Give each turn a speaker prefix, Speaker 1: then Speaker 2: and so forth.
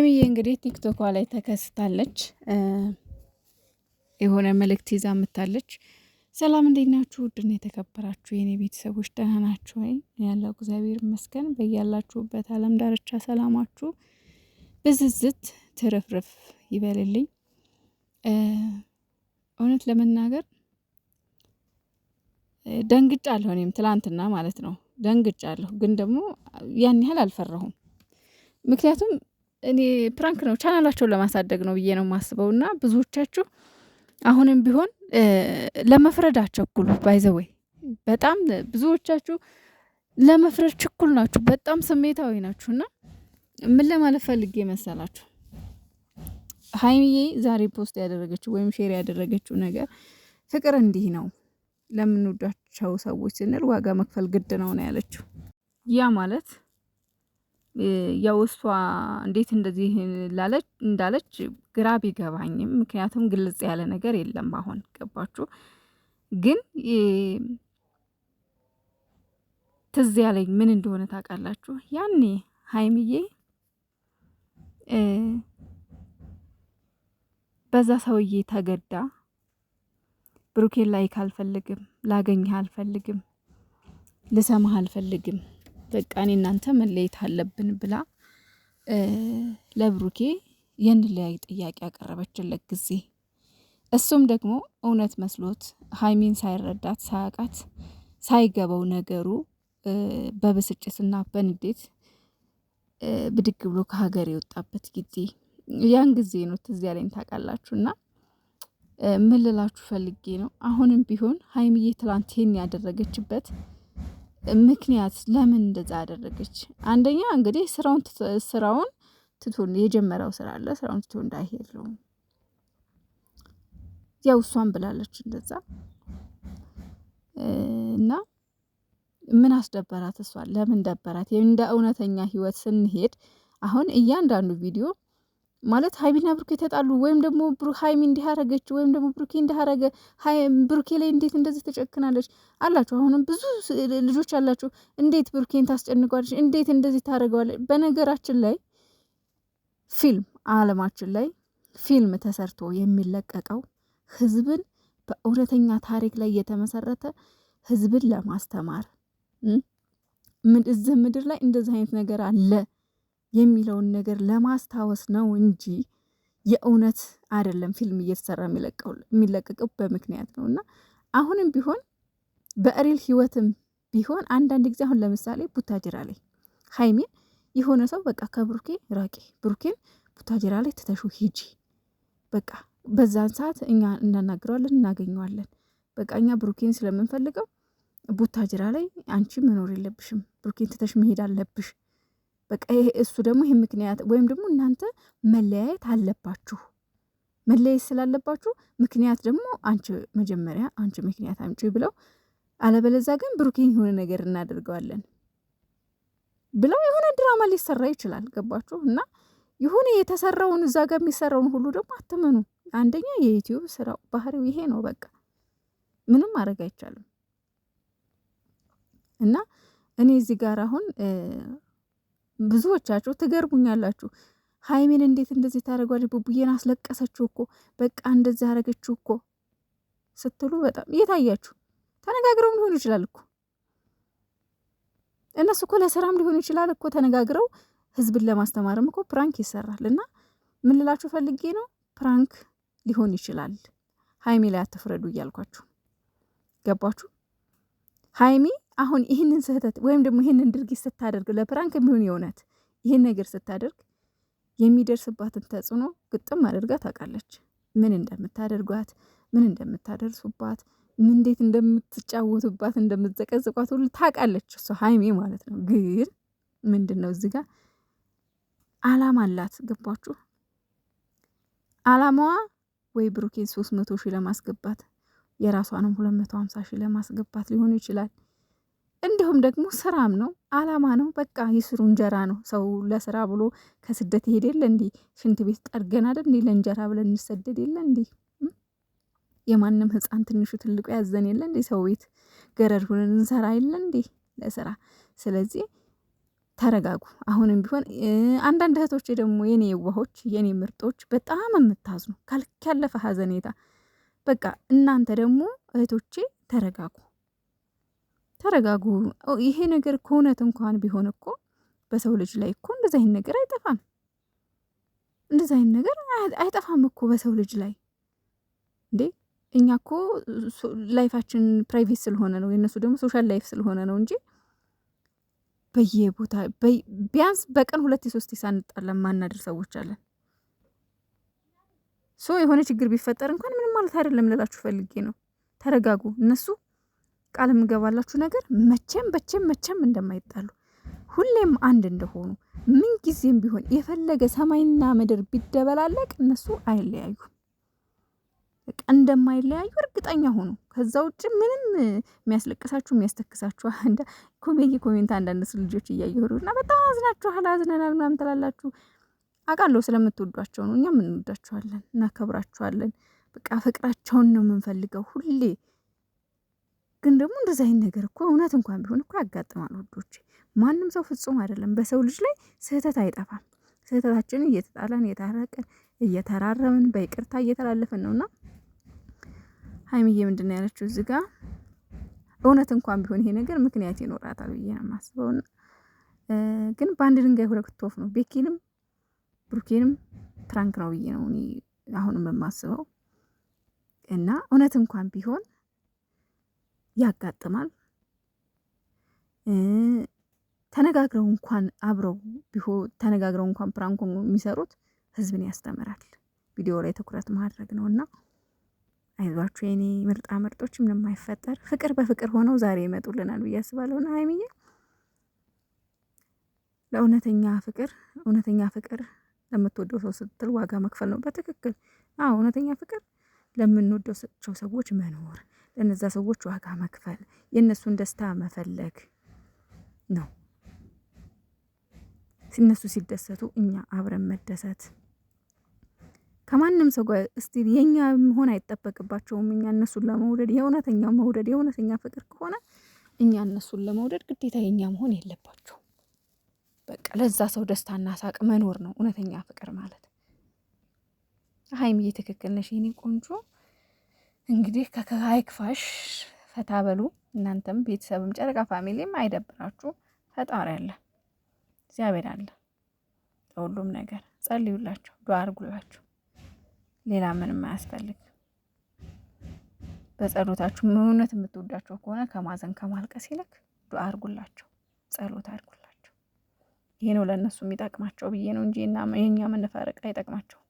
Speaker 1: ሀይሚዬ እንግዲህ ቲክቶኳ ላይ ተከስታለች። የሆነ መልእክት ይዛ ምታለች። ሰላም እንዴት ናችሁ? ውድና የተከበራችሁ የኔ ቤተሰቦች ደህና ናችሁ ወይ? ያለው እግዚአብሔር ይመስገን። በያላችሁበት አለም ዳርቻ ሰላማችሁ ብዝዝት ትርፍርፍ ይበልልኝ። እውነት ለመናገር አለሁ። እኔም ትላንትና ማለት ነው አለሁ፣ ግን ደግሞ ያን ያህል አልፈራሁም። ምክንያቱም እኔ ፕራንክ ነው ቻናላቸውን ለማሳደግ ነው ብዬ ነው የማስበው። እና ብዙዎቻችሁ አሁንም ቢሆን ለመፍረድ አቸኩሉ። ባይዘወይ በጣም ብዙዎቻችሁ ለመፍረድ ችኩል ናችሁ፣ በጣም ስሜታዊ ናችሁ። እና ምን ለማለት ፈልጌ መሰላችሁ ሀይሚዬ ዛሬ ፖስት ያደረገችው ወይም ሼር ያደረገችው ነገር ፍቅር እንዲህ ነው፣ ለምንወዳቸው ሰዎች ስንል ዋጋ መክፈል ግድ ነው ነው ያለችው ያ ማለት ያው እሷ እንዴት እንደዚህ ላለች እንዳለች ግራ ቢገባኝም ምክንያቱም ግልጽ ያለ ነገር የለም። አሁን ገባችሁ። ግን ትዝ ያለኝ ምን እንደሆነ ታውቃላችሁ? ያኔ ሀይምዬ በዛ ሰውዬ ተገዳ ብሩኬን ላይ ካልፈልግም ላገኝህ አልፈልግም ልሰማህ አልፈልግም በቃ እኔ እናንተ መለየት አለብን ብላ ለብሩኬ የእንለያይ ጥያቄ ያቀረበችለት ጊዜ እሱም ደግሞ እውነት መስሎት ሀይሚን ሳይረዳት ሳያውቃት ሳይገባው ነገሩ በብስጭትና በንዴት ብድግ ብሎ ከሀገር የወጣበት ጊዜ ያን ጊዜ ነው ትዝ ያለኝ ታውቃላችሁ። እና ምልላችሁ ፈልጌ ነው አሁንም ቢሆን ሀይሚዬ ትላንት ይህን ያደረገችበት ምክንያት ለምን እንደዛ አደረገች? አንደኛ እንግዲህ ስራውን ስራውን ትቶ የጀመረው ስራ አለ ስራውን ትቶ እንዳይሄድ ያው እሷን ብላለች እንደዛ እና ምን አስደበራት? እሷ ለምን ደበራት? እንደ እውነተኛ ህይወት ስንሄድ አሁን እያንዳንዱ ቪዲዮ ማለት ሀይሚና ብሩኬ ተጣሉ ወይም ደግሞ ሀይሚ እንዲያረገች ወይም ደግሞ ብሩኬ እንዲያረገ ብሩኬ ላይ እንዴት እንደዚህ ተጨክናለች አላችሁ። አሁንም ብዙ ልጆች አላችሁ። እንዴት ብሩኬን ታስጨንቋለች? እንዴት እንደዚህ ታደርገዋለች? በነገራችን ላይ ፊልም አለማችን ላይ ፊልም ተሰርቶ የሚለቀቀው ህዝብን በእውነተኛ ታሪክ ላይ የተመሰረተ ህዝብን ለማስተማር እዚህ ምድር ላይ እንደዚህ አይነት ነገር አለ የሚለውን ነገር ለማስታወስ ነው እንጂ የእውነት አይደለም። ፊልም እየተሰራ የሚለቀቀው በምክንያት ነው እና አሁንም ቢሆን በሪል ህይወትም ቢሆን አንዳንድ ጊዜ አሁን ለምሳሌ ቡታጅራ ላይ ሀይሚን የሆነ ሰው በቃ ከብሩኬ ራቄ ብሩኬን ቡታጅራ ላይ ትተሹ ሂጂ፣ በቃ በዛን ሰዓት እኛ እናናግረዋለን፣ እናገኘዋለን። በቃ እኛ ብሩኬን ስለምንፈልገው ቡታጅራ ላይ አንቺ መኖር የለብሽም፣ ብሩኬን ትተሽ መሄድ አለብሽ በቃ ይሄ እሱ ደግሞ ይሄ ምክንያት ወይም ደግሞ እናንተ መለያየት አለባችሁ። መለያየት ስላለባችሁ ምክንያት ደግሞ አንቺ መጀመሪያ አንቺ ምክንያት አምጪ ብለው፣ አለበለዛ ግን ብሩኬን የሆነ ነገር እናደርገዋለን ብለው የሆነ ድራማ ሊሰራ ይችላል። ገባችሁ? እና የሆነ የተሰራውን እዛ ጋር የሚሰራውን ሁሉ ደግሞ አትመኑ። አንደኛ የዩትዩብ ስራው ባህሪው ይሄ ነው። በቃ ምንም ማድረግ አይቻልም። እና እኔ እዚህ ጋር አሁን ብዙዎቻችሁ ትገርሙኛላችሁ። ሀይሜን እንዴት እንደዚህ ታደረጓለች? ቡቡዬን አስለቀሰችው እኮ በቃ እንደዚህ አደረገችው እኮ ስትሉ በጣም እየታያችሁ ተነጋግረውም ሊሆን ይችላል እኮ እነሱ እኮ ለስራም ሊሆን ይችላል እኮ ተነጋግረው ህዝብን ለማስተማርም እኮ ፕራንክ ይሰራል። እና ምን ልላችሁ ፈልጌ ነው ፕራንክ ሊሆን ይችላል። ሀይሜ ላይ አትፍረዱ እያልኳችሁ ገባችሁ? ሀይሜ አሁን ይህንን ስህተት ወይም ደግሞ ይህንን ድርጊት ስታደርግ ለፕራንክ የሚሆን የእውነት ይህን ነገር ስታደርግ የሚደርስባትን ተጽዕኖ ግጥም አድርጋ ታውቃለች። ምን እንደምታደርጓት፣ ምን እንደምታደርሱባት፣ እንዴት እንደምትጫወቱባት፣ እንደምትዘቀዝቋት ሁሉ ታውቃለች። እሷ ሀይሜ ማለት ነው። ግን ምንድን ነው እዚህ ጋር አላማ አላት። ገባችሁ? አላማዋ ወይ ብሩኬን ሶስት መቶ ሺህ ለማስገባት የራሷንም ሁለት መቶ ሀምሳ ሺህ ለማስገባት ሊሆኑ ይችላል። እንዲሁም ደግሞ ስራም ነው፣ አላማ ነው። በቃ ይስሩ፣ እንጀራ ነው። ሰው ለስራ ብሎ ከስደት ይሄድ የለ እንዲ ሽንት ቤት ጠርገን አይደል እንዲ ለእንጀራ ብለን እንሰደድ የለ እንዲ የማንም ህፃን ትንሹ ትልቁ ያዘን የለ እንዲ ሰው ቤት ገረድ ሁነን እንሰራ የለ እንዲ ለስራ። ስለዚህ ተረጋጉ። አሁንም ቢሆን አንዳንድ እህቶች ደግሞ የኔ የዋሆች የኔ ምርጦች በጣም የምታዝኑ ከልክ ያለፈ ሀዘኔታ በቃ እናንተ ደግሞ እህቶቼ ተረጋጉ። ተረጋጉ። ይሄ ነገር ከእውነት እንኳን ቢሆን እኮ በሰው ልጅ ላይ እኮ እንደዚ አይነት ነገር አይጠፋም። እንደዚ አይነት ነገር አይጠፋም እኮ በሰው ልጅ ላይ እንዴ። እኛ እኮ ላይፋችን ፕራይቬት ስለሆነ ነው፣ የእነሱ ደግሞ ሶሻል ላይፍ ስለሆነ ነው እንጂ በየቦታ ቢያንስ በቀን ሁለት የሶስት ሳንጣለን ማናደር ሰዎች አለን። ሶ የሆነ ችግር ቢፈጠር እንኳን ምንም ማለት አይደለም ልላችሁ ፈልጌ ነው። ተረጋጉ እነሱ ቃል የምገባላችሁ ነገር መቼም በቼም መቼም እንደማይጣሉ ሁሌም አንድ እንደሆኑ ምን ጊዜም ቢሆን የፈለገ ሰማይና ምድር ቢደበላለቅ እነሱ አይለያዩም። እንደማይለያዩ እርግጠኛ ሆኑ። ከዛ ውጭ ምንም የሚያስለቅሳችሁ የሚያስተክሳችሁ እንደ ኮሜዲ ኮሜንት አንዳንድ ስ ልጆች እያየሩ እና በጣም አዝናችኋል፣ አዝነናል ምናምን ትላላችሁ። አውቃለሁ ስለምትወዷቸው ነው። እኛም እንወዳችኋለን፣ እናከብራችኋለን። በቃ ፍቅራቸውን ነው የምንፈልገው ሁሌ ግን ደግሞ እንደዚህ አይነት ነገር እኮ እውነት እንኳን ቢሆን እኮ ያጋጥማል ወዶች። ማንም ሰው ፍጹም አይደለም። በሰው ልጅ ላይ ስህተት አይጠፋም። ስህተታችንን እየተጣላን እየታረቀን እየተራረምን በይቅርታ እየተላለፍን ነውና ሀይሚዬ ምንድን ነው ያለችው እዚህ ጋ እውነት እንኳን ቢሆን ይሄ ነገር ምክንያት ይኖራታል ብዬ ነው የማስበውና ግን በአንድ ድንጋይ ሁለት ወፍ ነው። ቤኪንም ብሩኬንም ፕራንክ ነው ብዬ ነው አሁንም የማስበው እና እውነት እንኳን ቢሆን ያጋጥማል። ተነጋግረው እንኳን አብረው ቢሆ ተነጋግረው እንኳን ፕራንኮ የሚሰሩት ህዝብን ያስተምራል። ቪዲዮ ላይ ትኩረት ማድረግ ነው እና አይዟችሁ የኔ ምርጣ ምርጦች፣ ምንም አይፈጠር። ፍቅር በፍቅር ሆነው ዛሬ ይመጡልናል ብዬ አስባለሁ። ና ሀይሚዬ ለእውነተኛ ፍቅር እውነተኛ ፍቅር ለምትወደው ሰው ስትል ዋጋ መክፈል ነው። በትክክል አዎ፣ እውነተኛ ፍቅር ለምንወዳቸው ሰዎች መኖር፣ ለነዛ ሰዎች ዋጋ መክፈል፣ የእነሱን ደስታ መፈለግ ነው። እነሱ ሲደሰቱ እኛ አብረን መደሰት ከማንም ሰው ጋር እስቲ የኛ መሆን አይጠበቅባቸውም። እኛ እነሱን ለመውደድ የእውነተኛ መውደድ የእውነተኛ ፍቅር ከሆነ እኛ እነሱን ለመውደድ ግዴታ የኛ መሆን የለባቸው። በቃ ለዛ ሰው ደስታና ሳቅ መኖር ነው እውነተኛ ፍቅር ማለት። ሀይምዬ ትክክል ነሽ የኔ ቆንጆ። እንግዲህ ከሀይክፋሽ ፈታ በሉ እናንተም ቤተሰብም ጨረቃ ፋሚሊም አይደብራችሁ። ፈጣሪ አለ፣ እግዚአብሔር አለ። ለሁሉም ነገር ጸልዩላቸው፣ ዱዓ አርጉላቸው ሌላ ምንም አያስፈልግ። በጸሎታችሁ እውነት የምትወዳቸው ከሆነ ከማዘን ከማልቀስ ይልቅ ዱዓ አርጉላቸው ጸሎት አርጉላቸው ይሄ ነው ለእነሱ የሚጠቅማቸው ብዬ ነው እንጂ የእኛ መነፈረቅ አይጠቅማቸው።